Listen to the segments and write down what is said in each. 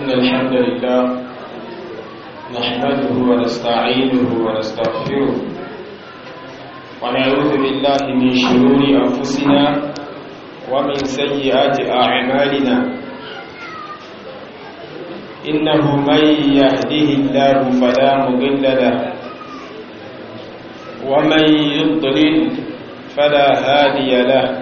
إن الحمد لله نحمده ونستعينه ونستغفره ونعوذ بالله من شرور أنفسنا ومن سيئات أعمالنا إنه من يهديه الله فلا مضل له ومن يضلل فلا هادي له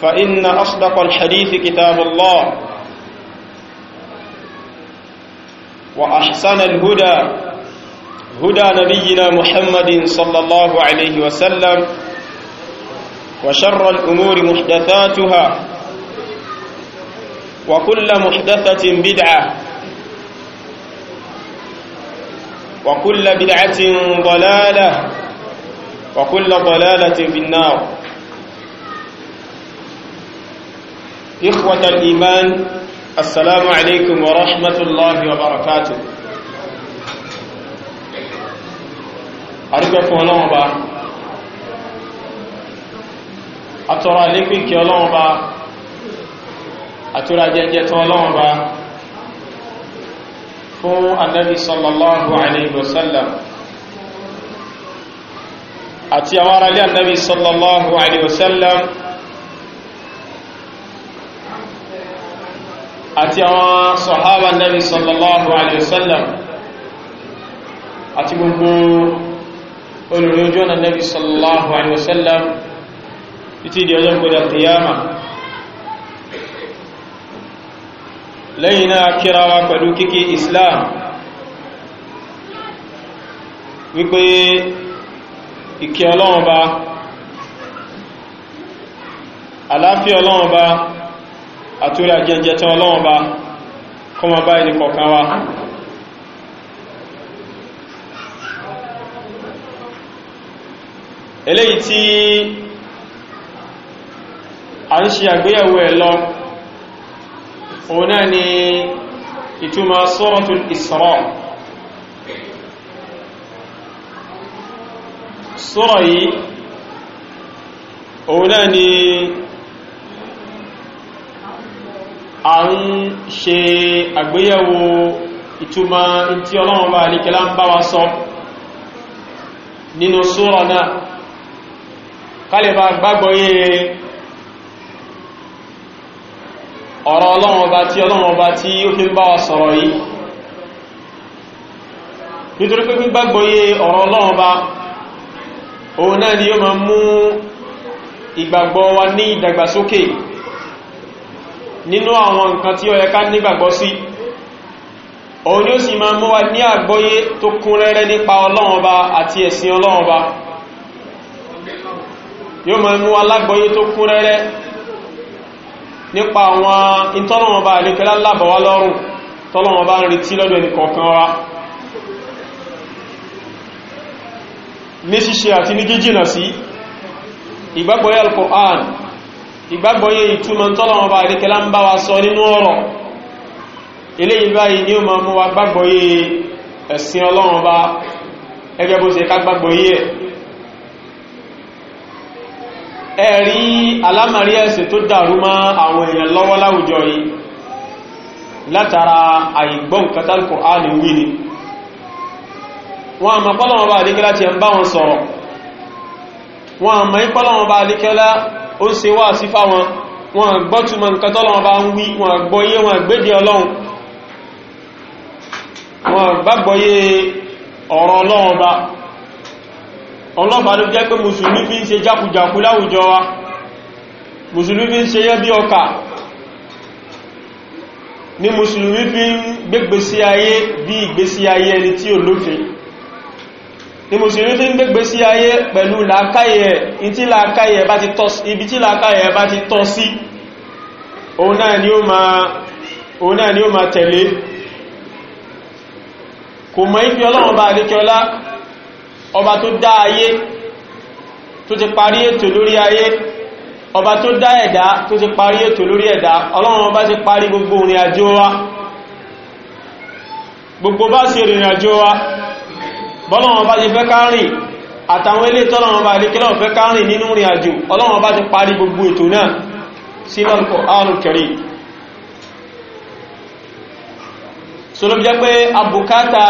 فإن أصدق الحديث كتاب الله وأحسن الهدى هدى نبينا محمد صلى الله عليه وسلم وشر الأمور محدثاتها وكل محدثة بدعة وكل بدعة ضلالة وكل ضلالة في النار إخوة الإيمان السلام عليكم ورحمة الله وبركاته أرجوكم الله با أترى لكم الله با أترى جنجة الله با فهو النبي صلى الله عليه وسلم أتي أمر النبي صلى الله عليه وسلم àti àwọn sọ̀hábà nàbí sallallahu alayhi wa sallam àti gbogbo olùrìnjú ọ̀nà nàbí sallallahu alayhi wa sallam títí di ọjọ́ gbọdọ̀ tìyàmà lẹ́yìn náà kíra wa pẹ̀lú kíkí islam wípé ìkẹ́ ọlọ́run àtúrí àjẹjẹ tán ọlọ́wọ́n bá kọmọ bá ẹni kọ̀ọ̀kan wa eléyìí tí a ń ṣe àgbéyẹ̀wò ẹ̀ lọ òun náà ni ìtumọ̀ suratul Isra sura yìí òun náà ni a ń ṣe àgbéyẹ̀wò ìtumọ̀ tí ọlọ́run bá alékẹ́lá ń bá wa sọ nínú súrà náà kálẹ̀bá gbàgbọ́ yẹ ọ̀rọ̀ ọlọ́run ọba tí ọlọ́run ọba tí ó fi ń bá wa sọ̀rọ̀ yìí nítorí pé gbígbàgbọ́ yẹ ọ̀rọ̀ ọlọ́run ọba òun náà ni yóò máa mú ìgbàgbọ́ wa ní ìdàgbàsókè nínú àwọn nǹkan tí ó yẹ nígbàgbọ́ sí òun ni ó sì máa mú wa ní àgbọ́yé tó kún rẹ́rẹ́ nípa Ọlọ́run Ọba àti ẹ̀sìn Ọlọ́run Ọba yóò máa mú wa lágbọ́yé tó kún rẹ́rẹ́ nípa àwọn ìtọ́lọ́run Ọba àríkẹ́lá lábọ̀wá lọ́rùn tọ́lọ́run Ọba ń retí ìgbàgbọ́yé ìtumọ̀ tọ́lọ̀wọ̀n bá ìrìkẹlá ń bá wa sọ nínú ọ̀rọ̀ ilé ìbáyìí ni ó ma mú wa gbàgbọ́yé ẹ̀sìn ọlọ́wọ̀n bá ẹgbẹ́ bó ṣe ká gbàgbọ́yé ẹ̀ ẹ̀rí alámàrí ẹ̀sìn tó dàrú mọ́ àwọn èèyàn lọ́wọ́ láwùjọ yìí látara àìgbọ́n katal Kùránì wí ni wọ́n àmà pọ́lọ̀wọ̀n bá ìrìkẹlá ti ẹ̀ ń bá wọn sọ̀rọ̀ wọ́n àmà ìpọ́lọ̀wọ̀n bá ìrìkẹlá ó ń ṣe wá sí fáwọn wọn gbọ́túmọ̀ nǹkan tọ́lọ́wọ́ bá ń wí wọn gbọ́yé wọn gbédè ọlọ́run wọn gbàgbọ́yé ọ̀rọ̀ ọlọ́run bá ọlọ́ba ló jẹ́ pé mùsùlùmí fi ń ṣe jákujàku láwùjọ wa mùsùlùmí fi ń ṣe yẹ́ bí ọkà ní mùsùlùmí fi ń gbégbèsí ayé bí ìgbésí ayé ẹni tí ò lófin ni mùsùlùmí fi ń gbégbé sí ayé pẹ̀lú làákàyè ibi tí làákàyè bá ti tọ́ sí òun náà ni ó ma tẹ̀lé kò mọ̀ ìfì ọlọ́run bá adékẹ́ọlá ọba tó dá ayé tó ti parí ètò lórí ayé ọba tó dá ẹ̀dá tó ti parí ètò lórí ẹ̀dá gbogbo wa bọ́lọ́wọ́n bá ti fẹ́ kárìn àtàwọn ilé tọ́lọ́wọ́n bá ilé kílọ̀ fẹ́ kárìn nínú rìn àjò ọlọ́wọ́n bá ti parí gbogbo ètò náà sínú Al-Qur'an Karim sọlọ́bí jẹ́ pé abùkátà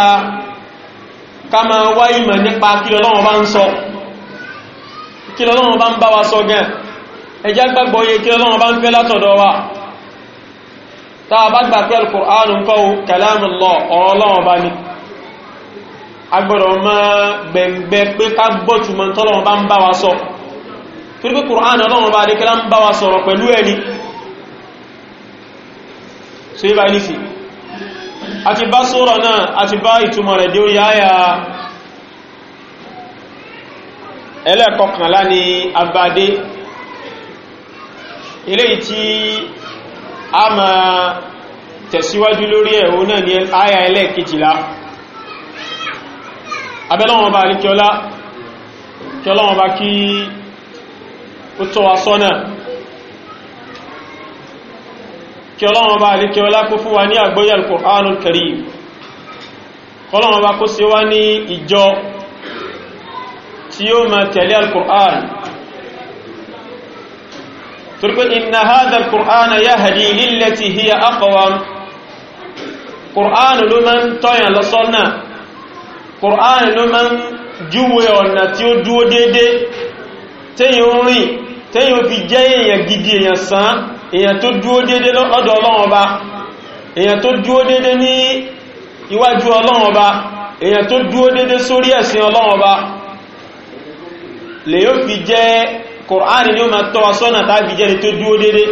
ká ma wá ìmọ̀ nípa kílọ̀lọ́wọ́n bá ń sọ kílọ̀lọ́wọ́n bá ń bá wa sọ gan ẹjá gbàgbọ́ yẹ kílọ̀lọ́wọ́n bá ń fẹ́ látọ̀dọ̀ wa táa bá gbà pé Al-Qur'an ń kọ́ kalamu Allah ọ̀rọ̀ ọlọ́wọ́n bá agbọ́dọ̀ ma gbẹ̀gbẹ̀ pé ká gbọ́tùmọ̀ tọ́lọ́wọ́ bá ń bá wa sọ torí pé Kùránì ọlọ́wọ́ bá adékẹ́lá ń bá wa sọ̀rọ̀ pẹ̀lú ẹni so yíba nífì àti bá sọ́rọ̀ náà àti bá ìtumọ̀ rẹ̀ dé orí àyà ẹlẹ́kọkànlá ni abadé eléyìí tí a máa tẹ̀síwájú lórí ẹ̀ náà ni àyà ẹlẹ́kejìlá abẹ́lọ́wọ́n bá rí kíọlá kíọlọ́wọ́n bá kí ó tọ́ wa sọ́nà kíọlọ́wọ́n bá rí kíọlá kó fún wa ní àgbọ́yé Al-Qur'anul Karim kọlọ́wọ́n bá kó ṣe wá ní ìjọ tí ó ma tẹ̀lé Al-Qur'an inna hadha Al-Qur'an yahdi lillati hiya aqwam Qur'an ló máa ń Kùránì ló máa ń júwe ọ̀nà tí ó dúó dédé tẹ́yìn ń tẹ́yìn fi jẹ́ èèyàn gidi èèyàn sán èèyàn tó dúó dédé lọ́dọ̀ Ọlọ́run èèyàn tó dúó dédé ní iwájú Ọlọ́run èèyàn tó dúó dédé sórí ẹ̀sìn lè yóò fi jẹ́ máa sọ́nà tàbí tó dúó dédé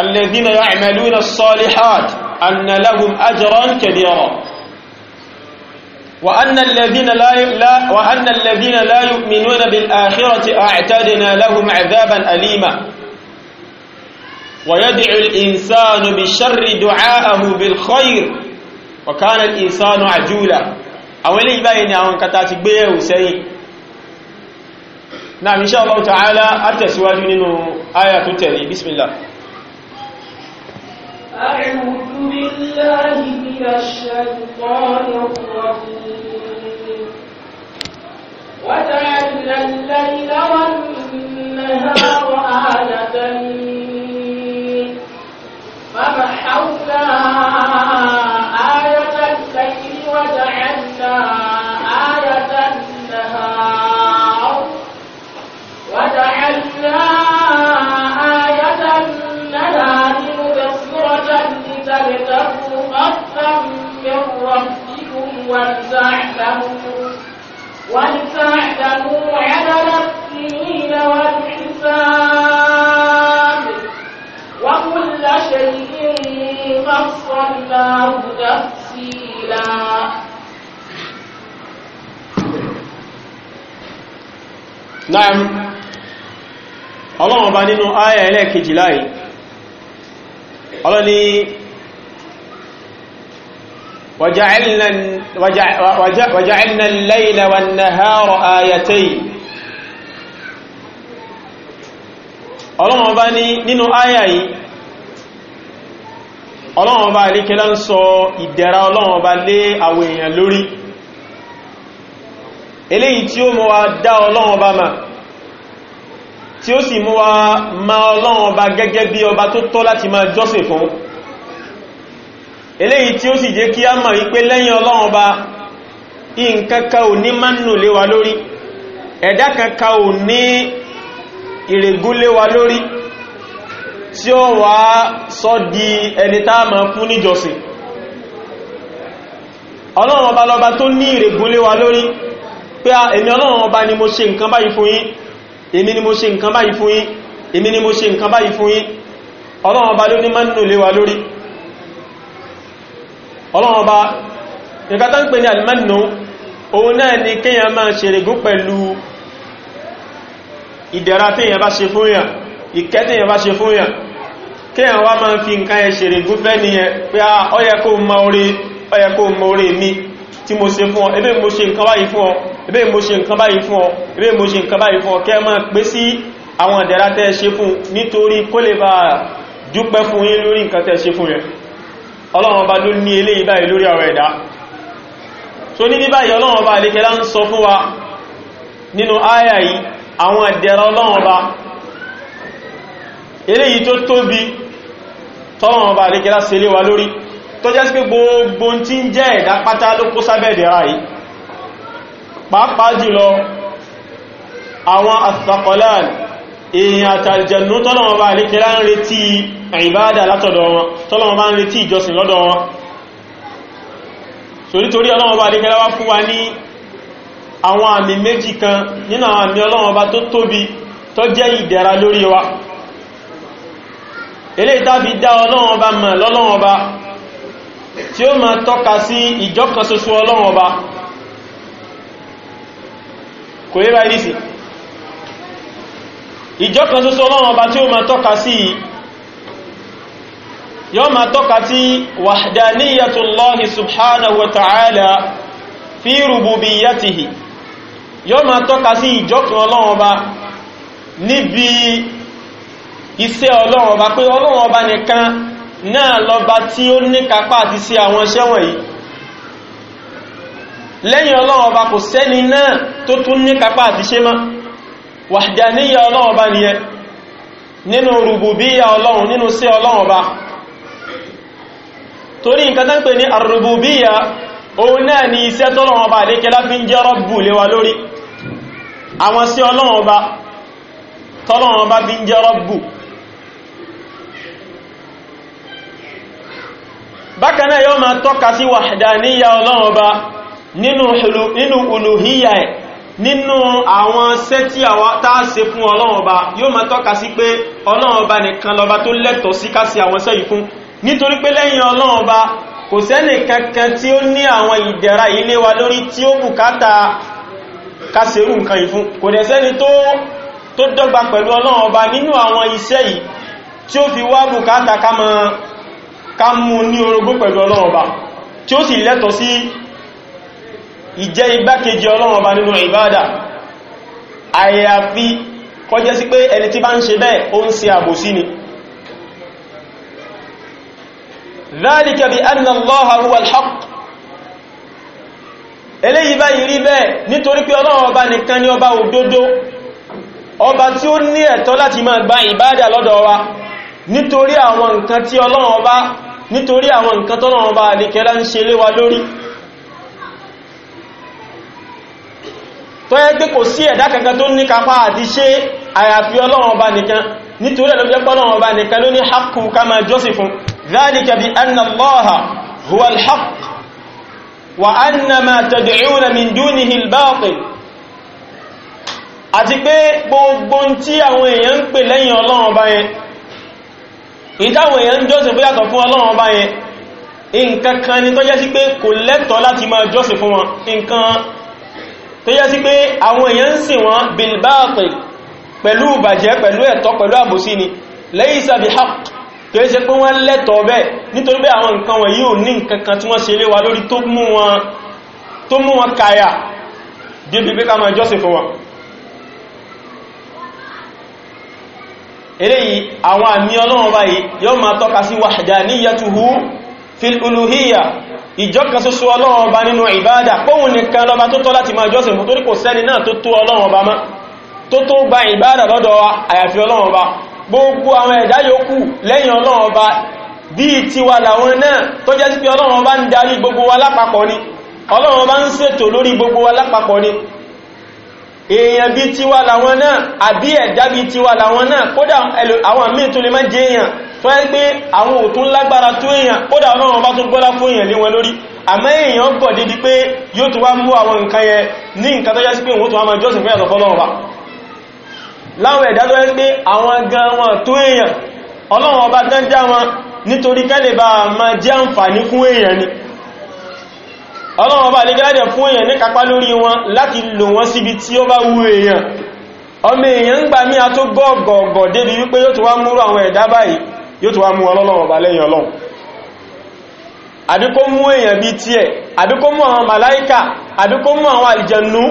الذين يعملون الصالحات أن لهم أجرا كبيرا وأن الذين لا لا وأن الذين لا يؤمنون بالآخرة أعتدنا لهم عذابا أليما ويدعو الإنسان بالشر دعاءه بالخير وكان الإنسان عجولا أولي بين أن كتاتك بيه سيئ نعم إن شاء الله تعالى من آية تتلي بسم الله أعوذ بالله من الشيطان الرجيم وجعلنا الليل والنهار آيتين فمحونا آية الليل وجعلنا ولتعلموا ولتعلموا عدد السنين والحساب وكل شيء فصلناه تفصيلا نعم ọlọ́run ọba nínú ayẹ̀ ẹlẹ́ẹ̀kejì láì ọlọ́ni وجعلنا, الليل والنهار آيتين ọlọ́wọ́n bá ní nínú àyà yìí ọlọ́wọ́n bá lè kẹlá ń sọ ìdẹ̀ra ọlọ́wọ́n bá lé àwọn èèyàn lórí eléyìí tí ó mú wa dá ọlọ́wọ́n bá ma tí ó sì mú wa ma ọlọ́wọ́n bá gẹ́gẹ́ bí ọba tó tọ́ láti máa jọ́sìn fún eléyìí tí ó sì jẹ́ kí a mọ̀ wípé lẹ́yìn ọlọ́run ba nǹkankan ò ní máa nù léwa lórí ẹ̀dá kankan ò ní ìrègún léwa lórí tí ó wá sọ di ẹni tá máa fún níjọsìn ọlọ́run ọba lọba tó ní ìrègún léwa lórí pé èmi ọlọ́run ọba ni mo ṣe nǹkan báyìí fún yín èmi ni mo ṣe nǹkan báyìí fún yín èmi ni mo ṣe nǹkan báyìí fún yín ọlọ́run ọba ló ní máa nù léwa lórí ọlọ́wọ́n bá nǹkan tó ń pè ní alìmọ́nù òun náà ni kíyàn máa ṣerégún pẹ̀lú ìdẹ̀ra tíyàn bá ṣe fún yàn ìkẹ́ tíyàn bá ṣe fún yàn kíyàn wá máa fi nǹkan ẹ ṣerégún fẹ́ nìyẹn pé ah, ó mi tí mo ebe mo ṣe nǹkan ebe mo ṣe nǹkan ebe mo ṣe nǹkan báyìí fún ọ kẹ́ máa pé sí àwọn ìdẹ̀ra tẹ́ ṣe fún nítorí dúpẹ́ fún yín lórí nǹkan tẹ́ ṣe fún yẹn ọlọ́run ọba ló ní eléyìí báyìí lórí àwọn ẹ̀dá so ní ní báyìí ọlọ́run ọba àlékẹ́lá ń sọ fún wa nínú àyà yìí àwọn ẹ̀dẹ̀rọ ọlọ́run ọba eléyìí tó tóbi tọ́lọ́run ọba àlékẹ́lá ṣe lé wa lórí tó jẹ́ sí pé gbogbo tí ń jẹ́ ẹ̀dá pátá ló kó sábẹ́ ẹ̀dẹ̀ra yìí pàápàá jùlọ àwọn àtàkọ̀láàlì èèyàn àtàlìjẹ̀nú tọ́lọ̀wọ́n bá àlékẹ́lá ń retí ìbáadà látọ̀dọ̀ wọn tọ́lọ̀wọ́n bá ń retí ìjọsìn lọ́dọ̀ wọn so nítorí bá wá fún wa ní àwọn àmì méjì kan nínú àmì ọlọ́wọ́n ìjọ kan ṣoṣo ọlọ́run ọba tí ó ma tọ́ka sí yóò ma tọ́ka sí wahdaniyatullahi subhanahu wa ta'ala fi rububiyyatihi yóò ma tọ́ka sí ìjọ kan ọlọ́run ọba níbi iṣẹ́ ọlọ́run ọba pé ọlọ́run ọba nìkan náà lọ́ba tí ó ní kápá àti sí àwọn iṣẹ́ wọ̀nyí lẹ́yìn ọlọ́run ọba kò sẹ́ni náà tó tún ní kápá àti ṣe máa wàhídàníyà ọlọ́run ọba nìyẹn nínú rùbùbíyà ọlọ́run nínú sí ọlọ́run ọba torí nǹkan tán pè ní àrùbùbíyà òun náà ni iṣẹ́ tọ́lọ́run ọba àdékẹ́lá fi ń jẹ́ rọ́bù léwa lórí àwọn sí ọlọ́run ọba tọ́lọ́run ọba fi ń jẹ́ rọ́bù bákan náà yóò máa tọ́ka sí nínú àwọn sẹ́ tí àwọn táà ṣe fún ọlọ́run ọba yóò máa tọ́ka sí pé ọlọ́run ọba nìkan lọba tó lẹ́tọ̀ọ́ sí ká sí àwọn sẹ́ yìí fún nítorí pé lẹ́yìn ọlọ́run ọba kò sẹ́nì kankan tí ó ní àwọn ìdẹ̀ra ilé wa lórí tí ó bùkátà ká ṣerú nǹkan yìí fún kò dẹ̀ sẹ́ni tó tó dọ́gba pẹ̀lú ìjẹ́ igbákejì ọlọ́run ọba nínú ìbádà àyàfi kọjẹ́ sí pé ẹni tí bá ń ṣe bẹ́ẹ̀ ó ń ṣe àbòsí ni ذلك بأن الله هو الحق eléyìí báyìí rí bẹ́ẹ̀ nítorí pé ọlọ́run ọba nìkan ni ọba òdodo ọba tí ó ní ẹ̀tọ́ láti máa gba ìbádà lọ́dọ̀ wa nítorí àwọn nǹkan tí ọlọ́run ọba nítorí àwọn nǹkan tọ́lọ́run ọba àdíkẹ́lá ń ṣe léwa lórí tó yẹ pé kò sí ẹ̀dá kankan tó ní kápá àti ṣe àyàfi ọlọ́run ọba nìkan nítorí ẹ̀lọ́bí ẹ̀pọ̀ ọlọ́run ọba nìkan ló ní haqqu ká máa jọ́sìn fún dhalika bi anna Allaha ni tó jẹ́ sí pé kò lẹ́tọ̀ọ́ láti máa jọ́sìn fún wọn nǹkan tó yẹ sí pé àwọn èèyàn ń sìn wọ́n bilbaati pẹ̀lú ìbàjẹ́ pẹ̀lú ẹ̀tọ́ pẹ̀lú àbòsí ni laysa bihaq kìí ṣe pé wọ́n lẹ́tọ̀ọ́ bẹ́ẹ̀ nítorí pé àwọn nǹkan wọ̀nyí ò ní nǹkankan tí wọ́n ṣe wa lórí tó mú wọn kàyà débi pé ká máa jọ́sìn fún wọn eléyìí àwọn àmì Ọlọ́run fil uluhiyya ìjọ́kan ṣoṣo ọlọ́run ọba nínú ìbádà pọ́hùn nìkan lọ́ba tó tọ́ láti máa jọ́sìn fún torí kò sẹ́ni náà tó tó ọlọ́run ọba tó tó gba ìbáadà lọ́dọ̀ àyàfi ọlọ́run gbogbo àwọn ẹ̀dá èèyàn bí tiwa làwọn náà àbí ẹ̀dá bí tiwa làwọn náà kódà àwọn míì tún lè má jẹ èèyàn tó ẹ́ pé àwọn òtún lágbára tó èèyàn kódà ọlọ́run bá tún gbọ́lá fún èèyàn lé wọn lórí àmọ́ èèyàn gọ̀ débi pé yóò tún wá mú àwọn nǹkan yẹn ní nǹkan tó jásí pé òun tún wá máa jọ́sìn fún fọ́lọ́run ni ọlọ́wọ́ bá lẹ́gẹ́lẹ́dẹ̀ fún èèyàn ní kápá lórí wọn láti lò wọ́n síbi tí ó bá wú èèyàn ọmọ èèyàn ń gbà mí a tó gọ́ọ̀gọ̀ọ̀gọ̀ débi wípé yóò tó wá múrú àwọn ẹ̀dá báyìí yóò tó wá mú ọlọ́wọ́ bá lẹ́yìn ọlọ́run àbí kó mú èèyàn bí tiẹ̀ àbí kó mú àwọn màláíkà àbí kó mú àwọn àlìjẹnú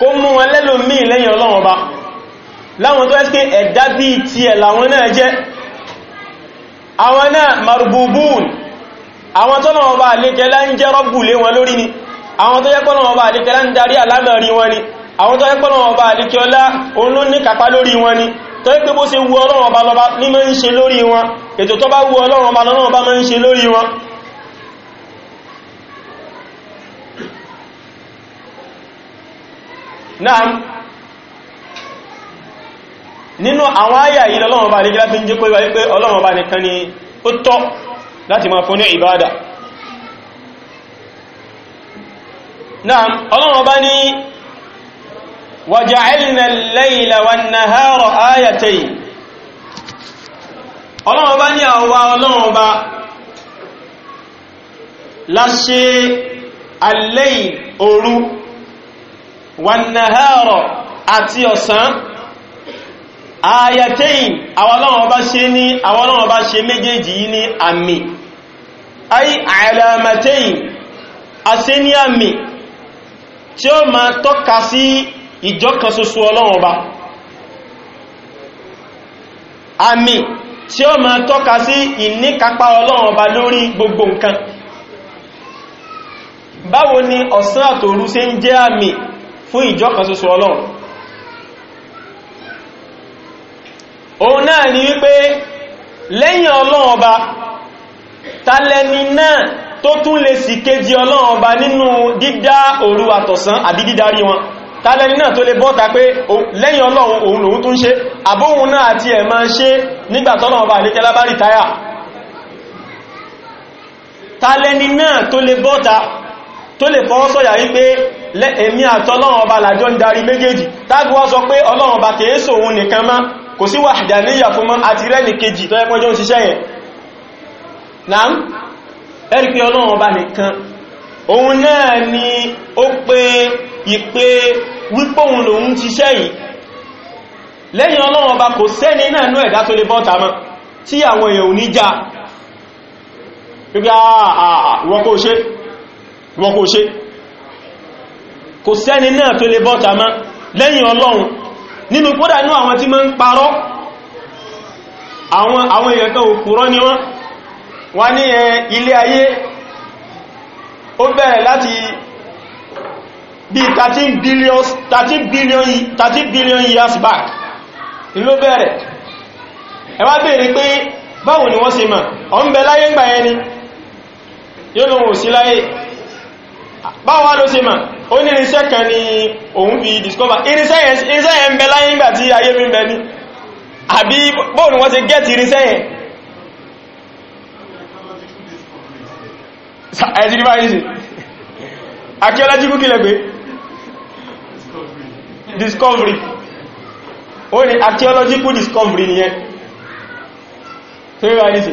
kó mú wọn lẹ́lòmíì lẹ́yìn ọlọ́run bá láwọn tó ẹ́sìké ẹ̀dá bí tiẹ̀ làwọn náà jẹ́ àwọn náà marububun àwọn tọ́nà ọba àlékẹ́lá ń jẹ́ rọ́gbù lé wọn lórí ni àwọn tó yẹ́pọ̀nà ọba àlékẹ́lá ń darí àlámẹ̀rí wọn ni àwọn tó yẹ́pọ̀nà ọba àlékẹ́lá òun ló ní kàpá lórí wọn ni tó yẹ́ pé bó ṣe wu ọlọ́run ọba lọ́ba ní mọ́ ń ṣe lórí wọn ètò tó láti máa fún ní ìbádà náà ọlọ́run bá ní wàjáìlìnà layla wan nahara ayatayn ọlọ́run bá ní àwọwà ọlọ́run bá láṣẹ al-layl òru wan àti ọ̀sán ayatayn àwọn bá ṣe ní àwọn bá ṣe méjèèjì yìí ní àmì ay alamatayn asẹ́níàmì tí o ma tọ́ka sí ìjọ́kan ṣoṣo ọlọ́run ọba àmì tí o ma tọ́ka sí ìníkapa ọlọ́run lórí gbogbo nkan. báwo ni ọ̀sán àtòru ṣe ń jẹ́ àmì fún ìjọ́kan ṣoṣo ọlọ́run òun náà ni wípé lẹ́yìn ọlọ́run tàlẹ́ni náà tó tún lè sì kéjì ọlọ́run ọba nínú dídá òru àtọ̀sán àbí dídarí wọn tàlẹ́ni náà tó lè bọ́ta pé lẹ́yìn ọlọ́run òun lòun tún ṣe àbóhun náà àti ẹ̀ máa ṣe nígbàtọ́lọ́run ọba àlékẹ́lá bá rìtáyà tàlẹ́ni náà tó lè bọ́ta tó lè fọwọ́ sọ̀yà wípé èmi àtọ́lọ́run ọba làjọ ń darí méjèèjì tágbọ́ sọ pé ọlọ́run ọba kèé sòun nìkan má kò sí wàhídàníyà fún mọ́ àti rẹ́nì kejì tó ẹgbọ́jọ́ ń náà ẹ̀rí pé ọlọ́run ọba nìkan òun náà ni ó pé ìpé wípóhun lòun ti ṣẹ́ yìí lẹ́yìn ọlọ́run ọba kò sẹ́ni náà nú ẹ̀dá tó lè bọ́ta mọ́ tí àwọn èèyàn ò pípẹ́ àwọn ṣe kò sẹ́ni náà tó lè bọ́ta mọ́ lẹ́yìn ọlọ́run nínú kódà inú àwọn tí máa ń parọ́ àwọn èèyàn kan òkúrọ́ ni wọ́n wọ́n ní eh, ilé ayé ó bẹ̀rẹ̀ láti bí 13 billion 13 billion 13 billion years back ló bẹ̀rẹ̀ ẹ wá béèrè pé báwo ni wọ́n ṣe mọ̀ ọ̀ ń bẹ láyé ń gbà yẹn ni yóò lóhun ò sí láyé báwo wá ló ṣe mọ̀ ó ní irinṣẹ́ kan ni òun fi discover irinṣẹ́ yẹn ń bẹ láyé ń gbà tí ayé mi ń bẹ ní àbí báwo ni wọ́n ṣe get irinṣẹ́ yẹn ẹ̀sìrí báyìí sí archaeology kílẹ̀ pé discovery ó ní archaeological discovery ni ẹ tó rí báyìí sí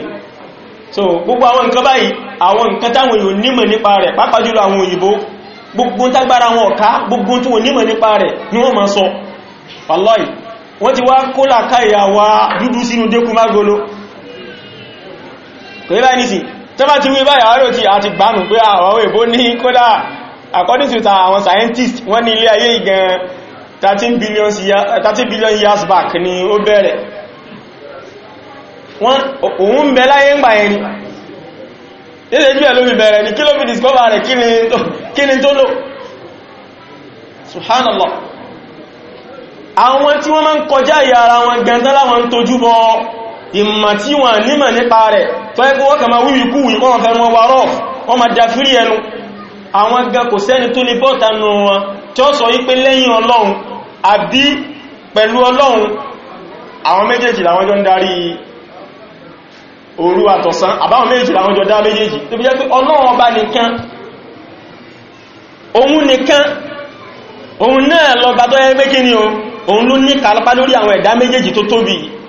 so gbogbo àwọn nǹkan báyìí àwọn nǹkan táwọn èèyàn nímọ̀ nípa rẹ̀ pàápàá jùlọ àwọn òyìnbó gbogbo tágbára wọn ọ̀ká gbogbo tí wọ́n nímọ̀ nípa rẹ̀ ni wọ́n máa sọ wàlọ́ì wọ́n ti wá kólà káyà wa dúdú sínú dékú mágolo kò rí báyìí sí tẹ́bà ti wí báyà wárò tí a ti gbánù pé àwọn ah, èbó ní kódà according to àwọn scientists, wọ́n ní ilé ayé ìgan 13 billion years, 13 billion years back ni ó bẹ̀rẹ̀ wọ́n òun bẹ láyé ń gbà yẹn ni ilé ìgbẹ̀ ló fi bẹ̀rẹ̀ ni kí ló fi discover rẹ̀ kí ni tó lò subhanallah àwọn tí wọ́n máa ń kọjá ìyára wọn gẹ̀ntẹ́ láwọn tójú bọ́ ìmọ̀ tí wọ́n nímọ̀ nípa rẹ̀ tó ẹgbẹ́ wọ́n kà máa wíwí kú wí wọ́n fẹ́ràn wa rọ́ wọ́n máa jafírí ẹnu àwọn gan kò sẹ́ni tó ní bọ́ta nù wọn tí ó sọ wípé lẹ́yìn ọlọ́run àbí pẹ̀lú ọlọ́run àwọn méjèèjì làwọn jọ ń darí òru àtọ̀sán àbáwọn méjèèjì làwọn jọ dá méjèèjì tó bí jẹ́ pé ọlọ́run ọba nìkan òun nìkan òun náà lọ gbàtọ́ ẹgbẹ́ kí ni o òun ló ní kàlápá lórí àwọn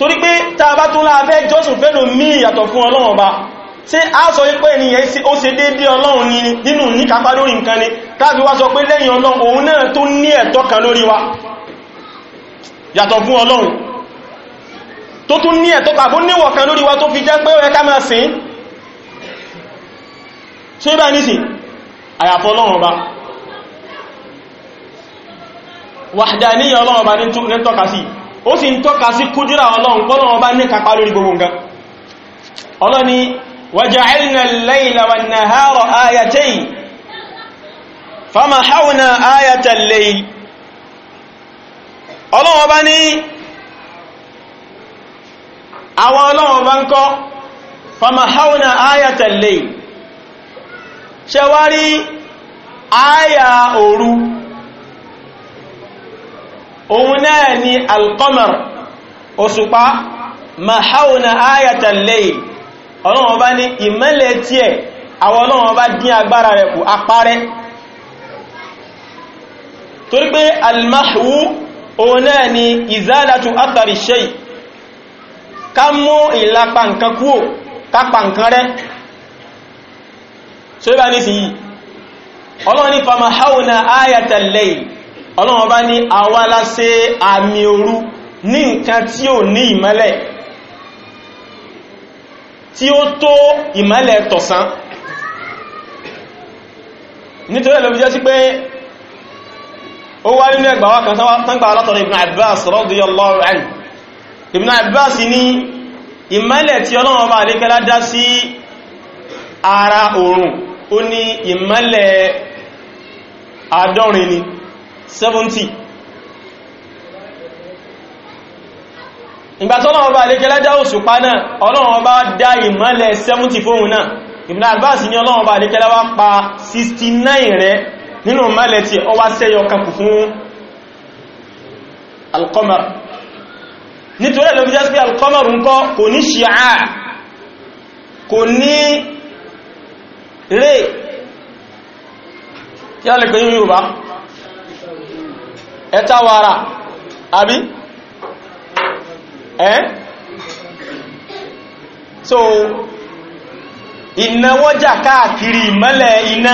torí pé tá bá tún láàfẹ́ jọ́sùn fẹ́lò mí ìyàtọ̀ fún ọlọ́run ọba tí a sọ wípé ènìyàn ó ṣe dédé ọlọ́run nínú níkapá lórí nǹkan ni káàkiri wá sọ pé lẹ́yìn ọlọ́run òun náà tó ní ẹ̀tọ́ kan lórí wa yàtọ̀ fún ọlọ́run tó tún ní ẹ̀tọ́ kan fún níwọ̀ kan lórí wa tó fi jẹ́ pé ó yẹ ká máa sìn ṣe bá nísìn àyàfọ́ ọlọ́run ọba wàhàdà níyàn ọlọ́run ní tọ́ka ó sì ń tọ́ka sí kúdírà ọlọ́run pọ́nà ọba ní kàpá lórí gbogbo nǹkan ọlọ́ni waja'alna al-layla wan-nahara ayatayn famahawna ayata al-layl ọlọ́run ọba ní àwọn ọlọ́run ọba ń kọ́ famahawna ayata al-layl ṣẹwárí àyà òru òun náà ni alqamar òṣùpá mahawna ayatal layl ọlọ́wọ́n bá ní ìmẹ́lẹ̀ tí ẹ̀ àwọn ọlọ́wọ́n bá dín agbára rẹ̀ kù apárẹ́ torí pé almahwu òun náà ni izalatu athari shay ká mú ìlapa nǹkan kúò ká nǹkan rẹ́ so ibá ní sí yìí ọlọ́wọ́n ní famahawna ayatal layl ọlọ́run bá ní àwa la ṣe àmì òru ní nǹkan tí ò ní ìmọ́lẹ̀ tí ó tó ìmọ́lẹ̀ tọ̀sán nítorí ẹ̀lọ́bí jẹ́ sí pé ó wá nínú ẹgbàwà kan tánkà alátọ̀rọ̀ Ibn Abbas radiyallahu anhu Ibn Abbas ní ìmọ́lẹ̀ tí ọlọ́run bá àríkẹ́lá dá sí ara òòrùn ó ní ìmọ́lẹ̀ àádọ́rin ni 70 ìgbà tọ́lọ̀ ọba àlékẹ́ lájá òṣùpá náà ọlọ́run ọba dá ìmọ́lẹ̀ 70 fóhun náà Ibn Abbas ní ọlọ́run ọba àlékẹ́ láwá pa 69 rẹ̀ nínú mọ́lẹ̀ tí ó wá sẹ́yọ kankù fún al-qamar nítorí ẹ̀lọ́bí jẹ́ sí al-qamar bá ẹta wàrà àbí ẹ́ so ìnáwọ́jà káàkiri ìmọ́lẹ̀ iná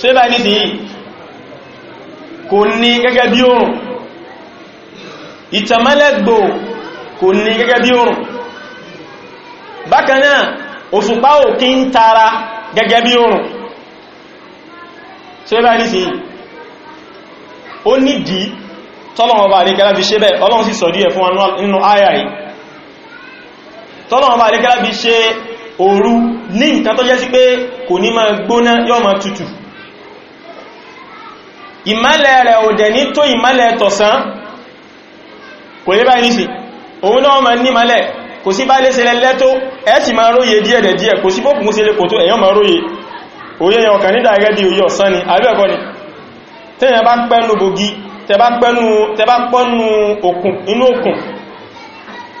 ṣe bá ní dìí kò ní gẹ́gẹ́ bí oòrùn ìtàmọ́lẹ̀gbò kò ní gẹ́gẹ́ bí oòrùn bákanáà òṣùpá ò tara gẹ́gẹ́ bí oòrùn ṣe bá ní dìí ó nídìí tọ́lọ̀wọ̀n bá àríkẹ́lá fi ṣe bẹ́ẹ̀ ọlọ́run sì sọ̀dí ẹ̀ fún wa nínú àyà yìí àríkẹ́lá fi ṣe òru ní nǹkan tó jẹ́ sí pé kò ní máa gbóná máa tutù ìmálẹ̀ rẹ̀ ò dẹ̀ ní tó ìmálẹ̀ tọ̀sán kò báyìí òun náà máa ní tẹ́yàn bá ń pẹ́nu bògí tẹ́bá ń pọ́nu òkun inú òkun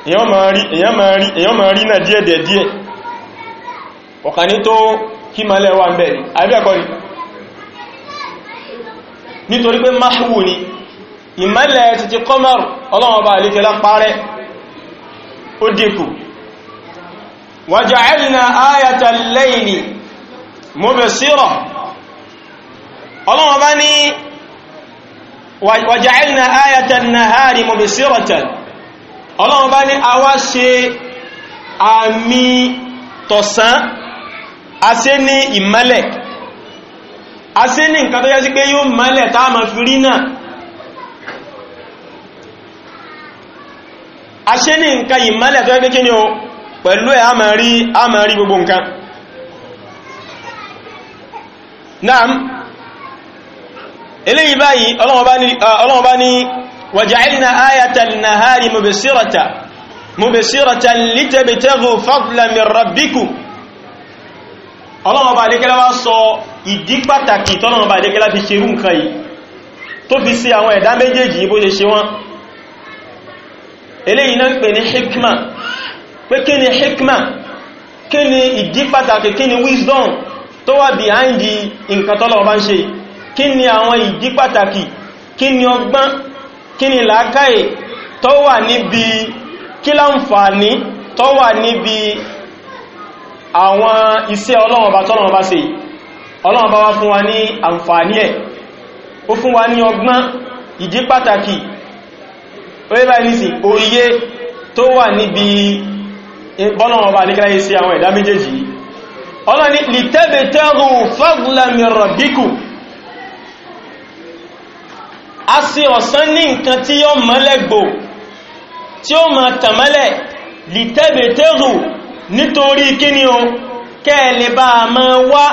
èyàn máa rí náà díẹ̀dẹ̀ díẹ̀ ọ̀kà ní tó kí ma lẹ́wà ń ni nítorí pé máṣíwò ni ìmẹ́lẹ̀ ti ti kọ́mọ̀rù ọlọ́wọ́ mo wàjáìnà ayatan nahari mubsiratan ọlọ́run bá ní a wá ṣe àmì tọ̀sán a ṣe ní ìmọ́lẹ̀ a ṣe ní nǹkan tó yá sí pé yóò mọ́lẹ̀ táà ma fi rí náà a ṣe ní nǹkan ìmọ́lẹ̀ tó yá pé kí ni o eléyìí báyìí Ọlọ́run bá ní ah, wàjáìlìna ayatal nahari mubisirata mubisirata litabitagu fadlan min rabbikum Ọlọ́run bá dékẹ́lá wá sọ ìdí pàtàkì tọ́lọ́run bá dékẹ́lá fi ṣerú nǹkan yìí tó fi sí àwọn ẹ̀dá méjèèjì bó ṣe ṣe wọ́n eléyìí náà pè ní hikma pé kí ni àwọn ìdí pàtàkì kí ni ọgbọ́n kí ni làákàyè tó wà níbi kí láǹfààní tó wà níbi àwọn iṣẹ́ ọlọ́run bá tọ́lọ́run bá ṣe ọlọ́run bá wá fún wa ní àǹfààní ẹ̀ ó fún wa ní ọgbọ́n ìdí pàtàkì orílẹ̀ tó wà níbi bọ́lọ́run bá nígbà iṣẹ́ àwọn ẹ̀dá méjèèjì ọlọ́run ni lìtẹ́bẹ̀tẹ́rù fadlan min rabbikum a ṣe ọ̀sán ní nǹkan tí yóò mọ́lẹ̀ gbò tí ó mọ̀ tàmọ́lẹ̀ lìtẹ́bẹ̀tẹ́rù nítorí kíni o kẹ́ẹ̀lẹ̀ bá a mọ́ wá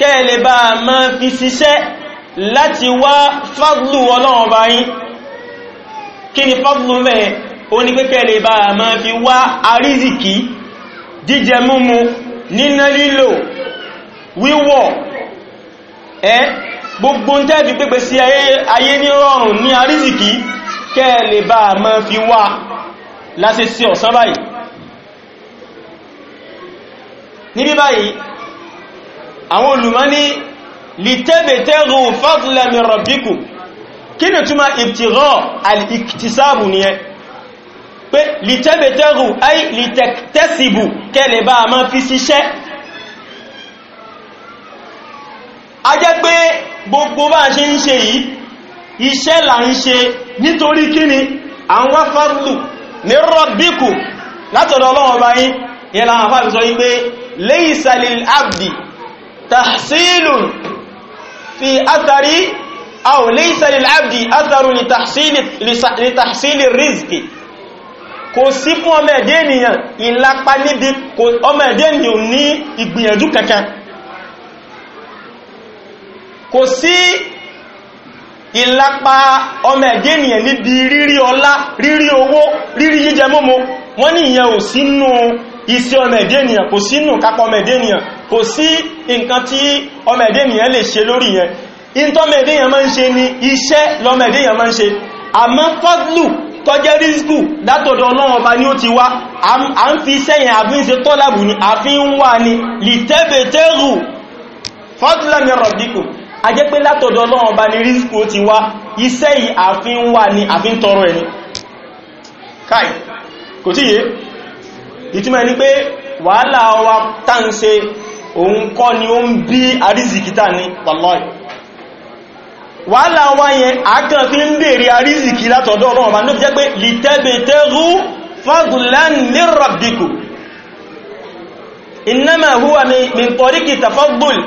kẹ́ẹ̀lẹ̀ bá a mọ́ fi ṣiṣẹ́ láti wá fadlu ọlọ́run bá yín ni fadlu mẹ́ẹ̀ o ní wíwọ̀ ẹ́ gbogbo ń tẹ́ẹ̀bí pépé sí ayé ní rọrùn ní àrísìkí kẹ́ lè bá a mọ́ fi wá láti sí ọ̀sán báyìí níbí báyìí àwọn olùmọ́ ní lìtẹ́bẹ̀tẹ́rù fadlan rabbikum kí ni túnmà ìbtìrọ̀ al-iktisabu ni ẹ pé lìtẹ́bẹ̀tẹ́rù ay lìtẹ̀tẹ́sìbù kẹ́lẹ̀ bá a máa fi ṣiṣẹ́ a jẹ́ pé gbogbo bá ṣe ń ṣe yìí iṣẹ́ là ń ṣe nítorí kíni àwọn fàrúlù ní rọ̀bíkù látọ̀dọ̀ ọlọ́run ọba yín yẹn láwọn afáàbí sọ wípé laysa lil abdi tahsilun fi atari aw laysa lil abdi atharu li tahsili rizqi kò sí fún ọmọ ẹ̀dẹ́ ènìyàn ìlapa níbi ọmọ ẹ̀dẹ́ ènìyàn ní ìgbìyànjú kankan kò sí ìlapa ọmọ ẹ̀gẹ́ ènìyàn níbi rírí ọlá rírí owó rírí jíjẹ mọ́mọ́ wọ́n ní ìyẹn ò sínú iṣẹ́ ọmọ ẹ̀dẹ́ ènìyàn kò sínú kápọ̀ ọmọ ẹ̀dẹ́ ènìyàn kò sí nǹkan tí ọmọ ẹ̀dẹ́ ènìyàn lè ṣe lórí yẹn ìntọ́mọ ẹ̀dẹ́ ènìyàn máa ń ṣe ni iṣẹ́ lọmọ ẹ̀dẹ́ ènìyàn máa ń ṣe àmọ́ fọ́dlù tọ́jẹ́ rísíkù látọ̀dọ̀ ọlọ́run ọba ni ó ti wá à ń fi iṣẹ́ yẹn àfi ń ṣe a jẹ́ pé látọ̀dọ̀ Ọlọ́run bá ní rísíkù ó ti wá iṣẹ́ yìí àfin wà ní àfin tọrọ ẹni káì kò tí yé ìtumọ̀ ní pé wàhálà wa tánṣe òun kọ́ ni ó ń bí àrízìkítà ní pàlọ́ì wàhálà wa yẹn àkàn fi ń bèèrè àrízìkí látọ̀dọ̀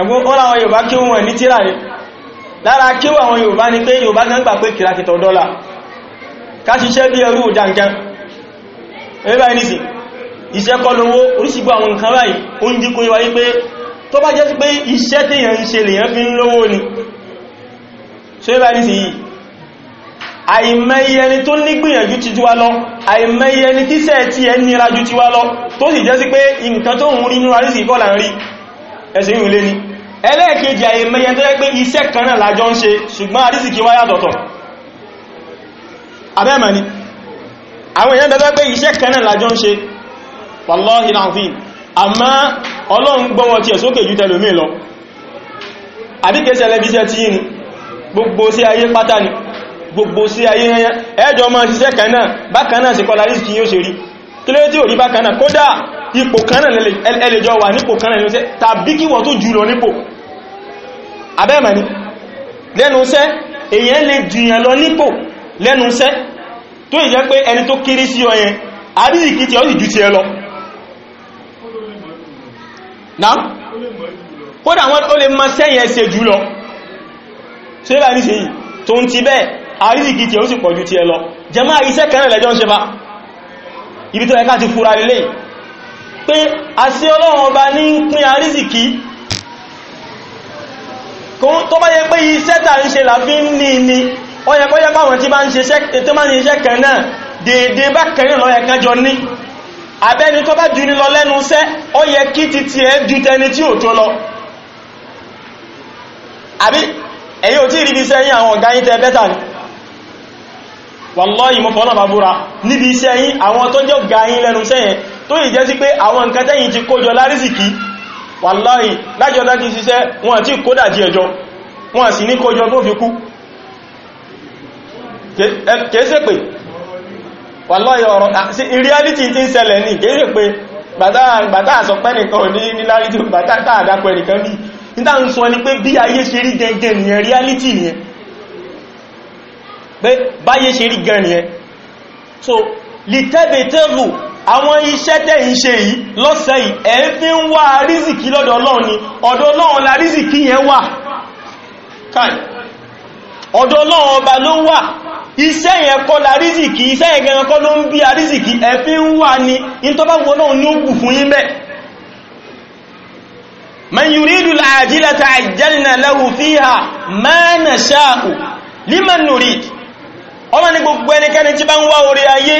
ẹ̀gbọ́n ó láwọn Yorùbá kí wọ́n ní tíra ní lára kí àwọn Yorùbá ní pé Yorùbá kan gbà pé kìràkìtọ̀ dọ́là ká ṣiṣẹ́ bí ẹrú òjàǹkan ẹgbẹ́ ìníṣì iṣẹ́ kọ́ lówó oríṣìgbọ́ àwọn nǹkan báyìí ó ń ni so ẹgbẹ́ ìníṣì yìí àìmẹ́yẹ ni tó nígbìyànjú ti juwa lọ ni tíṣẹ́ ti ẹ nira ju tiwa lọ tó sì jẹ́ ẹ̀sìn ìrìnlẹ́ ni ẹlẹ́ẹ̀kejì àyè mẹ́yẹ tó yẹ pé iṣẹ́ kan náà lájọ ń ṣe ṣùgbọ́n àdísìkí wáyà tọ̀tọ̀ abẹ́mọ̀ ni àwọn èèyàn bẹ́bẹ́ pé iṣẹ́ kan náà lájọ ń ṣe wallahi alazim àmá ọlọ́run gbọ́wọ́ tí ẹ̀ sókè jù tẹlòmí lọ àbíkẹsẹ̀ lẹ́bíṣẹ́ tí yìí gbogbo sí ayé pátá ni gbogbo sí ayé ẹjọ́ máa ṣiṣẹ́ ipò kanáà ẹlẹ́jọ́ wà nípò kanáà ní iṣẹ́ tàbí kí wọ́n tó jù lọ nípò abẹ́mà ni lẹ́nu iṣẹ́ èyàn lè jùyàn lọ nípò lẹ́nu iṣẹ́ tó ìjẹ́ pé ẹni tó kéré sí ọyẹn àríyìkí tí ó sì jù ti ẹ lọ kódà wọn ó lè máa sẹ́yìn ẹsẹ̀ jù lọ ṣe bá ní ṣe yìí tó ń ti bẹ́ẹ̀ àríyìkí tí ó sì pọ̀ jù ti ẹ lọ jẹmọ́ iṣẹ́ kanáà lẹ́jọ́ ń ṣe bá ibi tó ẹka ti fúra lélẹ́yìn pé àṣẹ ọlọ́run ọba ní ń pín àrísìkí tó bá yẹ pé iṣẹ́ tà ń ṣe láfí ní ní ọyẹ kọ́ yẹ pàwọn tí bá ń ṣiṣẹ́ kan náà dèédé bá kẹrin lọ́yẹ kan jọ ní abẹ́ni tó bá jù ní lọ lẹ́nu iṣẹ́ ọyẹ kí ti ti ẹ ju tẹni tí ò tó lọ àbí ẹ̀yí ò tí rí bí iṣẹ́ yín àwọn ọ̀gá yín tẹ bẹ́tà ni wàlọ́yìn mọ́fọ́nà bàbúra níbi iṣẹ́ yín àwọn tó jọ ga yín lẹ́nu iṣẹ́ yẹn tó yìí jẹ́ sí pé àwọn nǹkan tẹ́yìn ti kójọ lárísìkí wàláhì lájọ́ dákí ṣiṣẹ́ wọn àti kódà jí ẹjọ́ wọn sì ní kójọ tó fi kú kèése pé wàláhì ọ̀rọ̀ in reality ti ń ṣẹlẹ̀ ní kèése pé bàtà àsọpẹ́ nìkan ò ní níláàrídì bàtà àdápọ̀ ẹnìkan bí níta ń sọ ni pé bí ayé ṣe rí gẹ́gẹ́ nìyẹn reality nìyẹn pé báyé ṣe rí gẹ́gẹ́ nìyẹn so lè tẹ́bẹ̀tẹ́rù àwọn iṣẹ́ tẹ́ ń ṣe yìí lọ́sẹ̀ yìí ẹ̀ ń fi ń wá rízìkí lọ́dọ̀ ọlọ́run ni ọ̀dọ̀ ọlọ́run la rízìkí yẹn wà káì ọ̀dọ̀ ọlọ́run ọba ló wà iṣẹ́ yẹn kọ́ la rízìkí iṣẹ́ yẹn gẹ̀rẹ̀ kọ́ ló ń bí àrízìkí ẹ̀ fi ń wà ní ìtọ́bàgbọ́ ọlọ́run ní ó kù fún yín bẹ́ẹ̀ من يريد العاجلة عجلنا له فيها ما نشاء لمن نريد ọmọ ni gbogbo ẹnikẹni tí bá ń wá orí ayé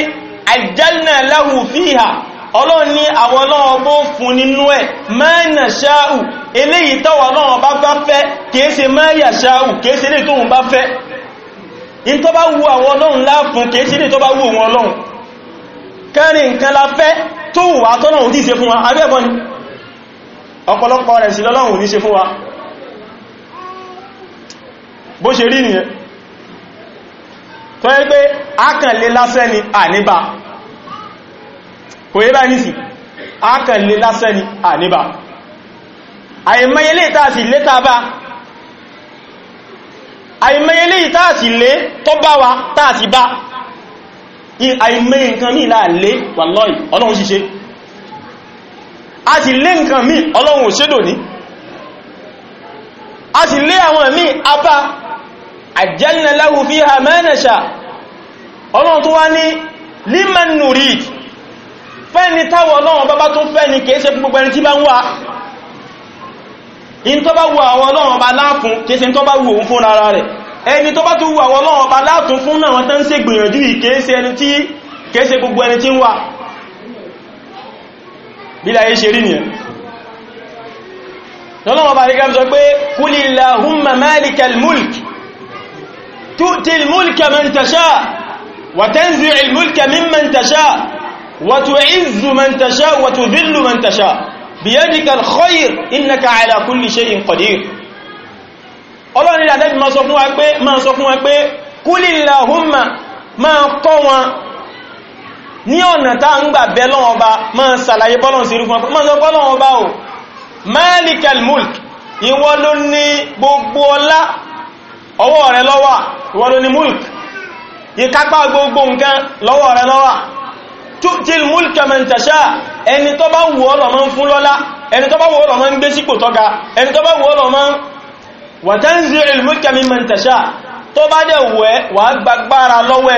àjálnà láhù fíhà ọlọ́run ní àwọn ọlọ́run bó fún nínú ẹ̀ mẹ́nà ṣáàù eléyìí tọ́wọ̀ ọlọ́run bá bá fẹ́ kèése mẹ́yà ṣáàù kèése lè tóhun bá fẹ́ in tó bá wu àwọn ọlọ́run láàfún kèése lè tó bá wu wọn ọlọ́run kẹrin nǹkan la fẹ́ tó wà tọ́lọ́run ti ṣe fún wa abẹ́bọ́ ni ṣe fún wa tó yẹ pé akànlé lásán ni àníbà kò yẹ báyìí nìsí akànlé lásán ni àníbà àìmọyelé ìtàsí lé tàbá àìmọyelé ìtàsí lé tó bá wa tààsí bá àìmọye nǹkan ní ìlà lé wàlọ́ì ọlọ́run ṣiṣẹ́ a lé nǹkan míì ọlọ́run òṣèdò ní a lé àwọn míì apá àjálìnà láhù fi ha mẹ́nẹ̀ṣà ọlọ́run tó wá ní liman nurid fẹ́ni táwọn ọlọ́run bá bá tún fẹ́ni kìí ṣe gbogbo ẹni tí bá ń wá in tó bá wù àwọn ọlọ́run bá láàfún kìí ṣe tó bá wù òun fún ara rẹ̀ ẹni tó bá tún wù àwọn ọlọ́run bá láàfún fún náà tán ṣe gbìyànjú kìí ẹni tí kìí gbogbo ẹni tí ń wá تؤتي الملك من تشاء وتنزع الملك ممن تشاء وتعز من تشاء وتذل من تشاء بيدك الخير إنك على كل شيء قدير ọlọ́run ilẹ̀ àdẹ́bì máa sọ fún wa pé máa sọ fún wa pé kúlìláhùnmà máa kọ́ wọn ní ọ̀nà táa ń gbà bẹ́ lọ́wọ́ ọba máa sàlàyé bọ́lọ̀n sí irúfún máa sọ bọ́lọ̀n ọba o malikal mulk ìwọ ló ní gbogbo ọlá ọwọ́ rẹ lọ́wà ìwọ ni mulk ìkápá gbogbo nǹkan lọ́wọ́ rẹ lọ́wà tutil mulka man tasha ẹni tó bá wù ọ́ ló máa ń fún lọ́lá ẹni tó bá wù ọ́ ló máa ń gbé sípò tọ́ga ẹni tó bá wù ọ́ ló máa ń wa tanzi'ul mulka mimman tasha tó bá dẹ̀ wù wà gbagbára lọ́wọ́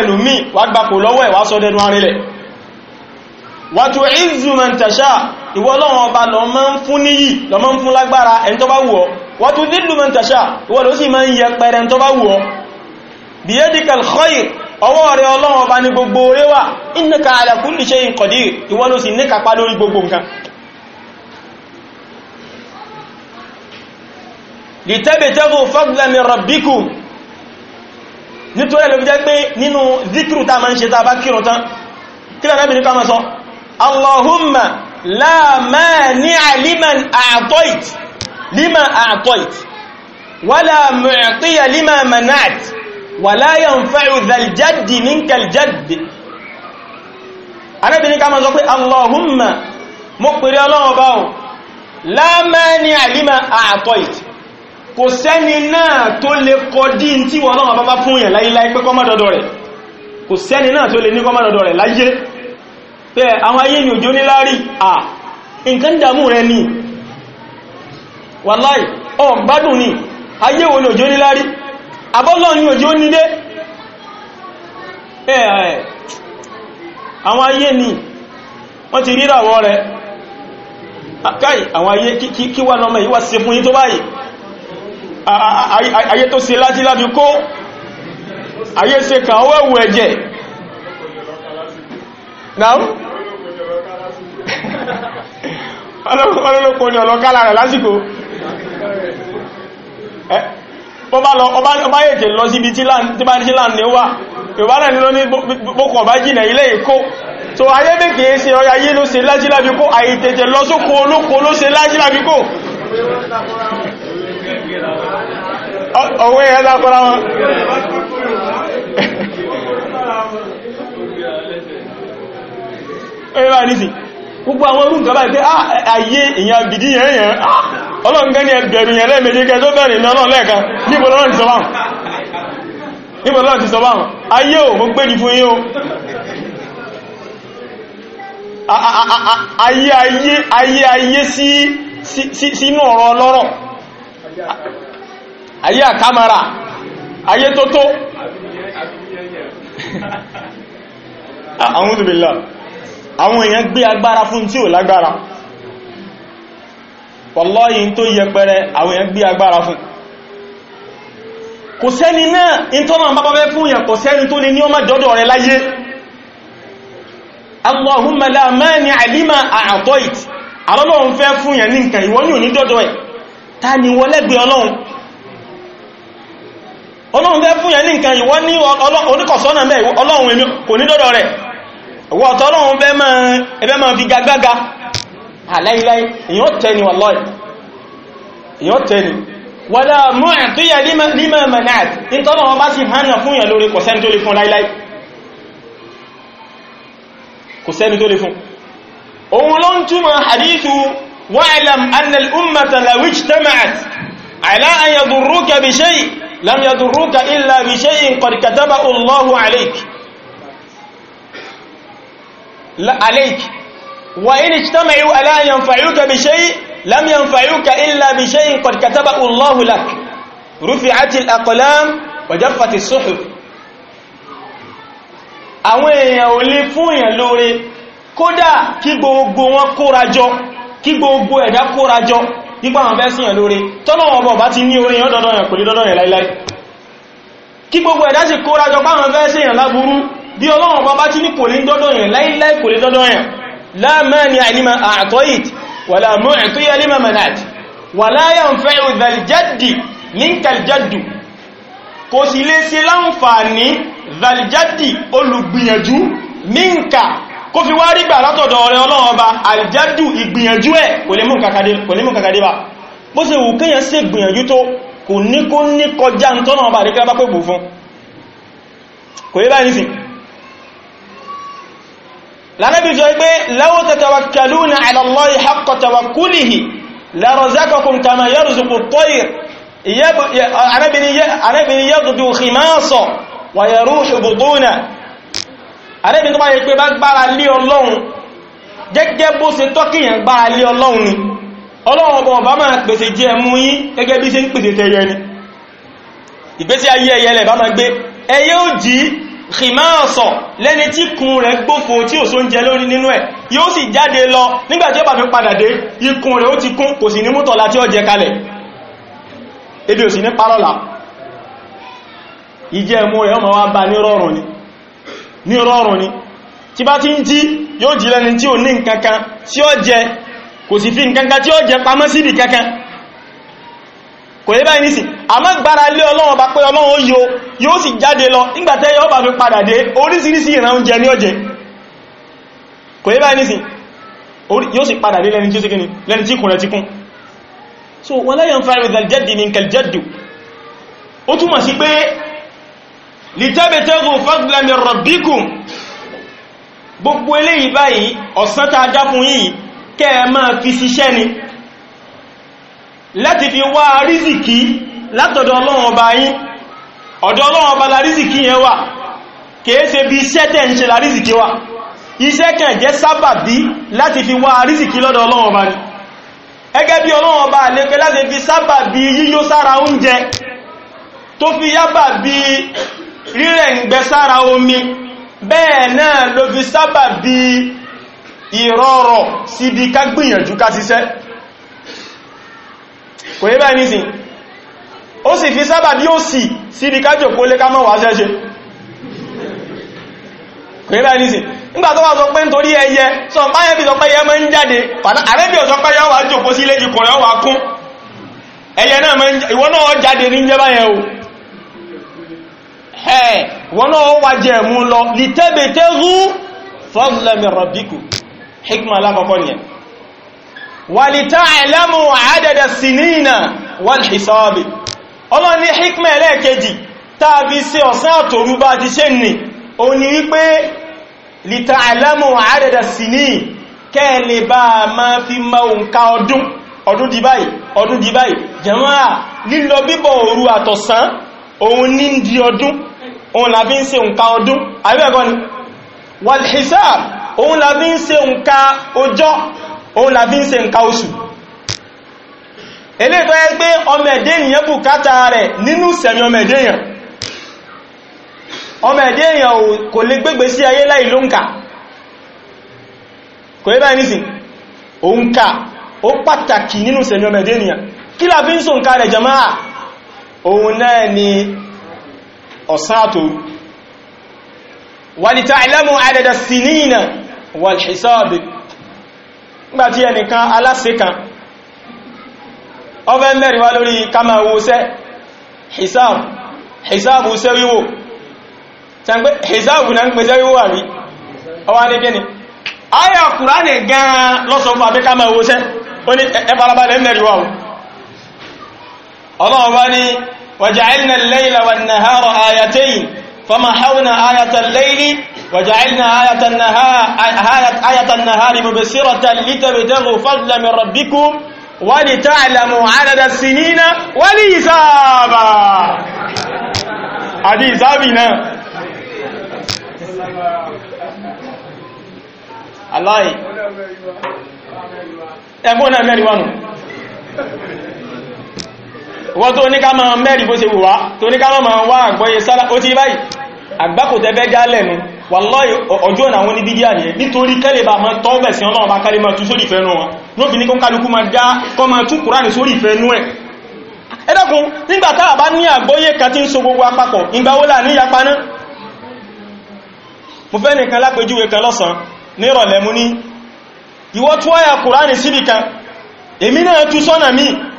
wa tudhillu man tasha ìwọ ló sì máa ń yẹ pẹ̀rẹ̀ tó bá wù ọ́ biyadika al-khayr ọwọ́ rẹ̀ ọlọ́run ọba ní gbogbo oore wà innaka ala kulli shay'in qadir ìwọ ló sì ní lórí gbogbo nǹkan lìtẹ́bẹ̀tẹ́gùn fadlan min rabbikum lima àtọ́ìt wala mu'tiya lima manat wala yanfa'u dhal jaddi minkal jaddi arábìnrin ká ma sọ pé allahumma mo pèrè ọlọ́wọ́ bá o la mani'a lima àtọ́ìt kò sẹ́ni náà tó lè kọdí tí wọ́n náà bá fún yẹn láíláí pé kọ́mọ́dọ́dọ́ rẹ̀ kò sẹ́ni náà tó lè ní kọ́mọ́dọ́dọ́ rẹ̀ láyé pé àwọn ayé ni òjò níláárí à nǹkan dàmú rẹ̀ ni wàláì ọ̀n gbádùn ní ayé wo ní òjò nílárí abọ́lọ́ ní òjò nílé ẹ̀ẹ̀ àwọn ayé ni wọ́n ti ríràwọ́ rẹ̀ akáì àwọn ayé kí wà lọ́mọ yíwá ṣe fún yí tó báyìí ayé tó ṣe láti láti kó ayé ṣe kàn ọwọ́ ẹ̀wù ẹ̀jẹ̀ náà ọlọ́kọ́ ní ọlọ́kálà rẹ̀ lásìkò Eh? ọba ètè lọ síbi tí bá ní láàrín wà ìwárẹ̀ ni ló ní bókọ̀ bá jìnà ilé ìkó so ayé bí kìí ọya yí ló ṣe lájílábí kó àìtètè lọ sókò olóko ló ṣe lájílábí kó ọwọ́ ẹ̀yẹ́ lápọ́ra wọn ẹ̀yẹ́ bá gbogbo àwọn orú nǹkan báyìí pé ah, ìyàn gidi yẹn yẹn ah, ọlọ́run gẹ́ ẹgbẹ̀rù yẹn lẹ́ẹ̀mejì kẹ́ bẹ̀rẹ̀ ní ọlọ́run lẹ́ẹ̀kan ayé o ayé aye ayé aye àwọn àwọn èèyàn gbé agbára fún tí ò lágbára wallahi tó yẹpẹrẹ àwọn èèyàn gbé agbára fún kò sẹ́ni náà ìtọ́nà bá bẹ́ fún yẹn kò sẹ́ni tó ní ní ọmọ jọ́dọ̀ rẹ láyé Allahumma la mani'a fẹ́ fún yẹn ní nǹkan ìwọ ní ọlọ́run ọlọ́run mẹ́ kò ní dọ́dọ̀ rẹ̀ ọwọ́ ọ̀tọ́lọ́run ẹbẹ́ máa fi gagbága aláìláì èyàn tẹni wallahi èyàn tẹni wala mu'tiya lima mana'at nítọ́lọ́run bá sì hánà fún yẹn lórí kò sẹ́ni tó lè fún láìláì kò sẹ́ni tó lè fún òun ló ń túnmọ̀ hadithu wa'lam anna al-ummata law ijtama'at ala an yadurruka bi shay'in lam yadurruka illa bi shay'in qad katabahu Allahu alayk عليك وإن اجتمعوا ألا ينفعوك بشيء لم ينفعوك إلا بشيء قد كتبه الله لك رفعت الأقلام وجفت الصحف àwọn èèyàn ò lè fún èèyàn lóore kódà kí gbogbo wọn kórajọ kí gbogbo ẹ̀dá kórajọ nípa àwọn bẹ́ẹ̀ síyàn lóore tọ́nà ọmọ bá ti ní orí yán dọ́dọ̀ yàn kò lè dọ́dọ̀ yàn láíláí kí gbogbo ẹ̀dá sì kórajọ páwọn bẹ́ẹ̀ síyàn láburú bí ọlọ́run bá bá tí ní kò lè dọ́dọ̀ yẹn láíláí kò lè dọ́dọ̀ yẹn láàmàní àìlímà àtọ́ìt wàlá mú ẹ̀tọ́yẹ alímà manat wàlá yàn fẹ́ ìdàljádì ní kàljádù kò sì lè ṣe láǹfààní ìdàljádì olùgbìyànjú níǹkà kó fi wá rígbà látọ̀dọ̀ ọ̀rẹ́ ọlọ́run ọba àljádù ìgbìyànjú ẹ̀ kò lè mú kàkàdé bá bó ṣe wù ní kó ní kọjá ń tọ́nà ọba àríkẹ́ bá pẹ̀gbò fún kò yẹ báyìí nìsìn lánàbí sọ pé law tatawakkaluna ala Allahi haqqa tawakkulihi larazaqakum kama yarzuqu at-tayr arábìnrin yaghdu khimasa wa yaruhu butuna arábìnrin tó bá yẹ pé bá gbára lé ọlọ́run gẹ́gẹ́ bó ṣe tọ́kìyàn gbára lé jí kìmáàsọ̀ lẹ́ni tí kun rẹ̀ gbófo tí ò só ń jẹ lórí nínú ẹ̀ yóò sì jáde lọ nígbàtí ó bá fi padà dé ikùn rẹ̀ ó ti kún kò sì ní mútọ̀ láti ọjẹ́ kalẹ̀ ebi ò sì ní parọ́lá ìjẹ́ ẹmú rẹ̀ ọmọ wá bá ní rọrùn ni ní rọrùn ni tí bá ti ń jí yóò jí lẹ́ni tí ò ní nǹkankan tí ó jẹ kò sì fi nǹkankan tí ó jẹ pamọ́ sídì kankan kò yẹ báyìí nísìn àmọ́ gbára lé ọlọ́run bá pé ọlọ́run ó yíó yóò sì jáde lọ nígbàtẹ́ yóò bá fi padà dé oríṣiríṣi ìran oúnjẹ ní ọjẹ́ kò yẹ báyìí nísìn yóò sì padà dé lẹ́ni tí ó sì tí kùnrẹ̀ ti kún so wala yanfa'u dhal jaddi minkal jaddu ó túmọ̀ sí pé litabtaghu fadlan min rabbikum gbogbo eléyìí báyìí ọ̀sán tá a láti fi wá rízìkí látọ̀dọ̀ ọlọ́run ọba yín ọ̀dọ̀ ọlọ́run ọba la rízìkí yẹn wà kìí ṣe bí iṣẹ́ tẹ́ ń ṣe la rízìkí wà iṣẹ́ kàn jẹ́ sábàbí láti fi wá rízìkí lọ́dọ̀ ọlọ́run ọba ni ẹgẹ́ bí ọlọ́run ọba àlepẹ́ láti fi sábàbí yíyó sára oúnjẹ tó fi yábà bí rírẹ̀ kò yí báyìí nísìn ó sì fi sábà bí ó sì sí ibi kájò kó lé kámọ́ wà ṣẹ́ṣe kò yí báyìí nísìn nígbà tó wà sọ pé nítorí ẹyẹ sọ báyẹ̀ bí sọ pé ẹyẹ mọ́ ń jáde àrẹ́bí ọ̀sọ́ pé yọ́ wà jòkó sí ilé ikùn rẹ̀ wà kún ẹyẹ náà o ẹ̀ wọ́n náà wà jẹ́ mú lọ lítẹ́bẹ̀tẹ́ rú fọ́ọ̀lẹ́mẹ̀rọ̀bíkù nìyẹn Walita walita'lamu 'adada sinina wal hisabi ọlọ ni hikma lekeji ta bi se osan atoru ba ti se ni oni pe lita'lamu 'adada sinin ke le ba ma fi ma un ka odun odun di bayi jamaa lilo bibo oru atosan ohun ni di odun ohun la bi se odun abi e gbọ ni wal hisab ohun la bi ojo òun la fi ń ṣe nǹkan oṣù eléyìí tó yẹ ọmọ ẹ̀dẹ́ ènìyàn bùkátà rẹ̀ nínú sẹ̀mí ọmọ ẹ̀dẹ́ èèyàn ọmọ ẹ̀dẹ́ èèyàn kò lè gbégbé sí ayé láì ló ń kà kò yẹ báyìí nísìn òun kà ó pàtàkì nínú sẹ̀mí ọmọ ẹ̀dẹ́ kí la jama'a ìlẹ́mù nígbàtí ẹnìkan aláṣẹ kan ọfẹ́ mẹ́rin wá lórí kama wọ́sẹ́ hisabu hisabu ṣẹ́ wíwò tẹ́gbẹ́ hisabu na ń pèsè wíwò àrí ọwá ní gẹ́ni ayà kùránì gan lọ́sọ̀fún àbí kama wọ́sẹ́ ó ní ẹbarabalẹ̀ mẹ́rin wá فمحونا آية الليل وجعلنا آية النهار آية-, آية, النهار مبصرة لتبتغوا فضلا من ربكم ولتعلموا عدد السنين والحسابا هذه حسابنا الله ẹgbọ́n náà wọ́n tó ní ká máa mẹ́rin bó ṣe wùwá tó ní ká máa wá àgbọ́yé sára ó ti báyìí àgbákò tẹ́fẹ́ já lẹ́nu wàláhì ọjọ́ ìnà àwọn nítorí kẹ́lẹ̀ bá tọ́ sí bá kẹ́lẹ̀ sórí ìfẹ́nu wọn ní kó kálukú máa já kọ́ máa tú kùránì sórí ìfẹ́nu ẹ̀ ẹ̀dọ́kun nígbà táà bá ní kan tí ń so wo là ní yapa mo fẹ́ nìkan lápẹjúwe kan lọ́sàn ní ìrọ̀lẹ́ ní ìwọ́ àyà kùránì síbì kan èmi náà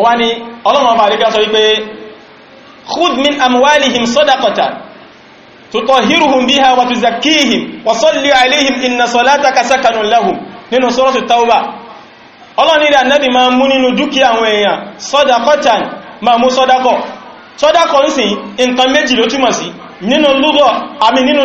mo wá ní ọlọ́run ọba àríkà sọ wípé khudh min amwalihim sadaqatan tutahhiruhum biha wa tuzakkihim wa salli alayhim inna salataka sakanun lahum nínú suratu tauba ọlọ́run ilẹ̀ annabi máa mú nínú dúkìá àwọn èèyàn sadaqatan máa mú sọ́dákọ̀ sọ́dákọ̀ ń sìn nǹkan méjì ló túmọ̀ sí nínú lúgọ̀ àmì nínú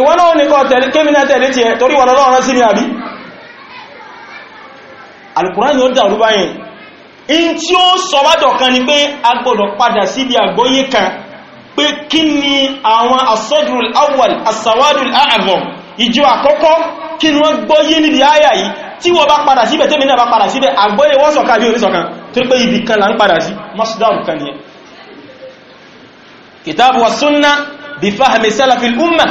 ìwọ́n náà ní kọ́ kémìnà tẹ̀lé tí ẹ torí wà lọ́rọ̀ sí ní àbí alùkùnrin ló dàrú báyìí in tí ó sọ wádọ̀ kan ni pé agbọ́dọ̀ padà síbi àgbóyé kan pé kí ni àwọn asọ́dúrùl awwal asàwádùl ààbọ̀ ìjọ àkọ́kọ́ kí ni wọ́n gbóyé níbi àyà yìí tí wọ́n bá padà síbẹ̀ tẹ́mi náà bá padà síbẹ̀ àgbóyé wọ́n sọ̀kan bí onísọ̀kan torí pé ibì kan là ń padà sí masdar kan nìyẹn kìtàbù wa sunna bí fahmi salafil ummah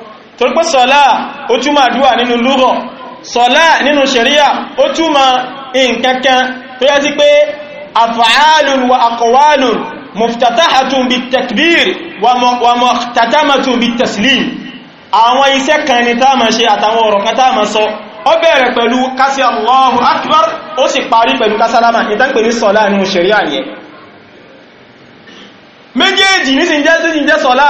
torí pé sọ́lá ó túmọ̀ àdúwà nínú lúrọ̀ sọ́lá nínú ṣẹ̀ríà ó túmọ̀ nǹkankan tó yá sí pé af'alun wa aqwalun muftatahatun bit-takbir wa muhtatamatun bit-taslim àwọn iṣẹ́ kan ni táàmà ṣe àtàwọn ọ̀rọ̀ kan táàmà sọ ó bẹ̀rẹ̀ pẹ̀lú kásí Allahu akbar ó sì parí pẹ̀lú kásálámà ìtànkpè ní sọ́lá nínú ṣẹ̀ríà yẹn méjèèjì ní sí jẹ́ sí jẹ́ sọ́lá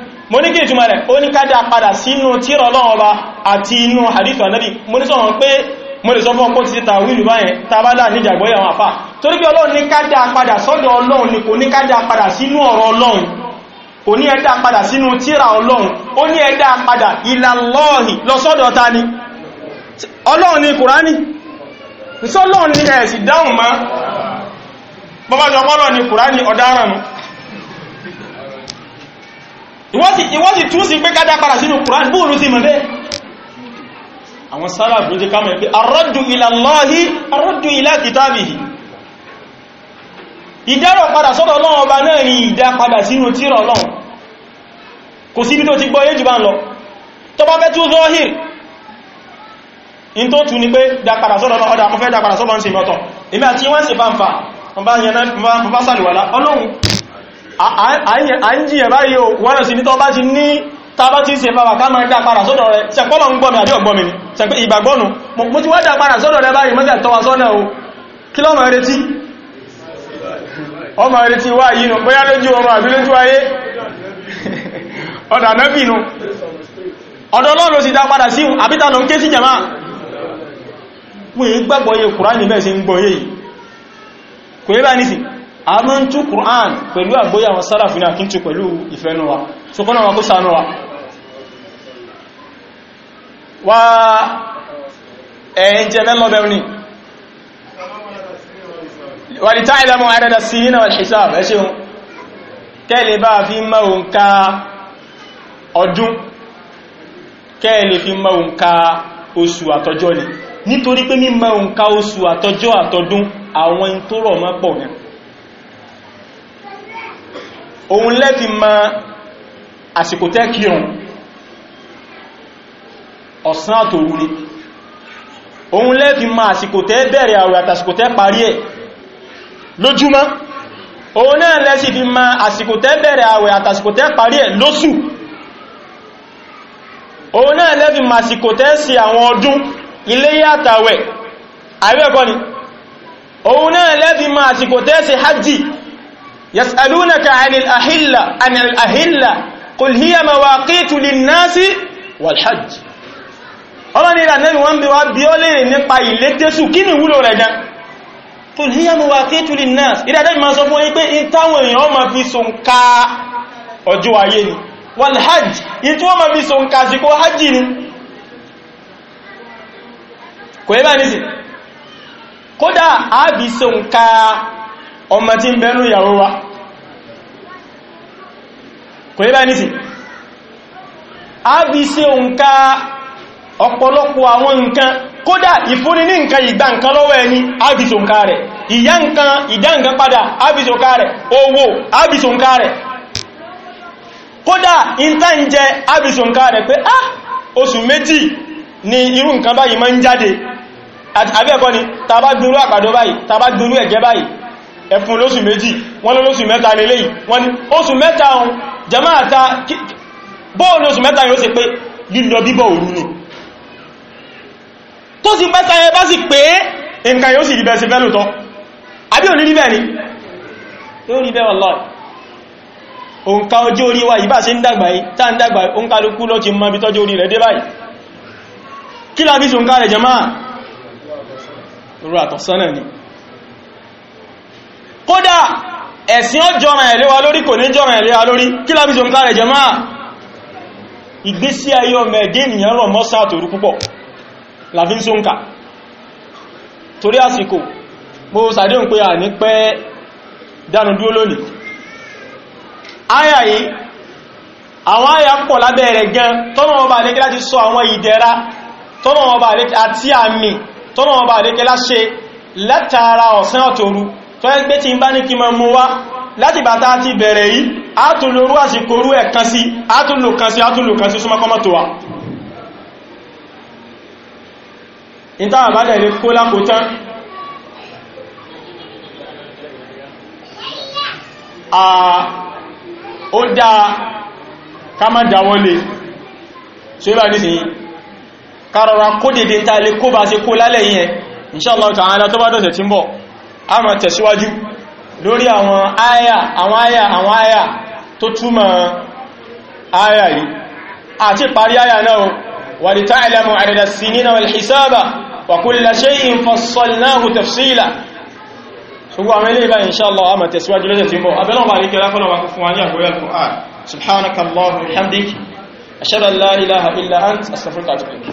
mo ní kí ìtumọ̀ rẹ̀ ó ní kájá padà sínú Ọba àti inú hadith Ànábì mo ní sọ̀rọ̀ pé mo lè sọ fún ọpọ́ ti ti tàwílù báyẹn tàbádà ní ìjàgbọ́yà àwọn àfà ni kò ní kájá padà sínú ọ̀rọ̀ ni Ọlọ́run ni Kùránì sọ́lọ́run ni ẹ̀sì dáhùn ìwọ́n sì tún sí pé kájá padà sínú Kùránì bóòlù sí mọ̀lẹ́ àwọn sálàfù jẹ́ kámọ̀ pé ar-raddu ila Allahi ar-raddu ila kitabihi ìdárọ̀ padà sọ́dọ̀ Ọlọ́run ọba náà ni ìdá padà sínú tírà Ọlọ́run kò síbi tó ti gbọ́ yé jù bá ń lọ tó bá fẹ́ tún zọ́hìr in tó tún ni pé dá padà sọ́dọ̀ Ọlọ́run ọba fẹ́ dá padà sọ́dọ̀ ń se mọ́tọ̀ àyíyàn báyìí o wọ́n náà sí ní tọ́ ti ní tàbá ti ṣe bàbà ká máa dá padà sọ́dọ̀ rẹ̀ sẹ́pọ́lọ̀ ń gbọ́mí àbí ọ̀gbọ́mí ni sẹ́pẹ́ ìgbàgbọ́nù mo ti wọ́n dá padà sọ́dọ̀ rẹ̀ báyìí mọ́sẹ̀ tọ́wa sọ́nà o kí lọ́mọ retí ọmọ retí wá yìí nù bóyá lójú ọmọ àbí lójú ayé ọ̀dà mẹ́bì a mọ́ ń tú Qur'an pẹ̀lú àgbóyà wọn sára fún àkín tú pẹ̀lú ìfẹ́nu wa so kọ́nà wọn kó sánú wa wá ẹ̀yìn jẹ́ mẹ́lọ́bẹ̀ ní wàlítà ìlàmọ̀ àrẹ́dà sí iná al-hisab ẹ ṣeun kẹ́lẹ̀ bá fi mọ́ òǹkà ọdún kẹ́lẹ̀ fi mọ́ òǹkà oṣù àwọn tó rọ̀ mọ́ òun lẹ́fi ma àsìkò tẹ́ kírun ọ̀sán àtòru ni òun lẹ́fi ma àsìkò tẹ́ bẹ̀rẹ̀ àwẹ̀ àtàsìkò tẹ́ parí ẹ̀ lójúmọ́ òun náà lẹ́sì fi ma àsìkò tẹ́ bẹ̀rẹ̀ àwẹ̀ àtàsìkò tẹ́ parí ẹ̀ lóṣù òun náà lẹ́fi ma àsìkò tẹ́ sí àwọn ọdún iléyá àtàwẹ̀ àwẹ́kọ́ ni òun náà lẹ́fi ma àsìkò tẹ́ sí hajji يسألونك عن الأهلة عن الأهلة قل هي مواقيت للناس والحج ọlọ́run ni ìlànà ìwọ̀n bí wá bí ó lè nípa ilé tẹ́sù kí ni wúlò rẹ̀ gan qul hiya mawaqitu linnas ìdádẹ́ ìmọ̀ sọ fún yí pé ìtàwọn èèyàn ọmọ tí ń bẹnu ìyàwó wa kò yí bá ní sí a bí sí òǹkà ọ̀pọ̀lọpọ̀ àwọn nǹkan kódà ìfúnni ní nǹkan ìgbà nǹkan lọ́wọ́ ẹni rẹ̀ ìyá nǹkan ìdá nǹkan padà ábìsòǹká rẹ̀ owó ábìsòǹká rẹ̀ kódà ìntànjẹ ábìsòǹká rẹ̀ pé á oṣù méjì ni irú nǹkan báyìí máa ń jáde ni tàbá gbúrú báyìí tàbá gbúrú ẹ̀fún lóṣù méjì wọ́n ló lóṣù mẹ́ta lè léyìn wọ́n ni oṣù mẹ́ta ohun jamaata bóòlù oṣù mẹ́ta yóò ṣe pé lílọ bíbọ̀ òru nù tó sì mẹ́ta yẹ bá sì pé nǹkan yóò sì rí bẹ́ẹ̀ sí fẹ́lú tọ́ àbí ò ní rí bẹ́ẹ̀ ni yóò rí bẹ́ẹ̀ wallahi òǹkà ọjọ́ orí wa ìbá ṣe ń dàgbà yìí tá ń dàgbà òǹkà ló kú ló ti mọ́ bí tọ́jọ́ orí rẹ̀ dé báyìí kí lábí ṣùǹkà rẹ̀ ẹ̀sìn ọjọ́rọ̀ ẹ̀lẹ́wà lórí kò ní jọrọ̀ ẹ̀lẹ́wà lórí kí lábí jọ ń kárẹ̀ jẹ máa ìgbésí ayé ọmọ ẹ̀dẹ́ ènìyàn rọ̀ mọ́sá àtòrú púpọ̀ láfí ń sóǹkà torí àsìkò mo sàdéhùn pé à ní pẹ́ dánu dúró lónìí áyà yìí àwọn áyà ń pọ̀ lábẹ́ rẹ̀ gan tọ́nà ọba àlékẹ́ láti sọ àwọn ìdẹ̀ra tọ́nà ọba àlékẹ́ àti àmì tọ́nà ọba àlékẹ́ láṣe látara ọ̀sán àtòrú tó ẹ́ gbé tí ń bá ní kí ma mú wá láti bàtà ti bẹ̀rẹ̀ yìí átùlórú àsìkòrú ẹ̀ kan sí átùlò kan sí átùlò kan sí súnmọ́kọ́mọ́ tó wà ìta àbádẹ̀ lè kó lákòótán ó dáa ká má kó dèdè ń ta lè kó bá ṣe kó lálẹ̀ yìí ẹ̀ inṣáàlá ta'ala tó bá dọ̀sẹ̀ tí ń bọ̀ a máa tẹ̀síwájú lórí àwọn àyà àwọn àyà àwọn àyà tó túmọ̀ àyà yìí àti parí àyà náà ولتعلموا عدد السنين والحساب وكل شيء فصلناه تفصيلا ṣùgbọ́n àwọn ilé ìbáyìí inṣáàlá a máa tẹ̀síwájú lọ́jọ́ tí ń bọ̀ abẹ́lọ́n bá ríkẹ́ lákọ́lọ́ wa fún wa ní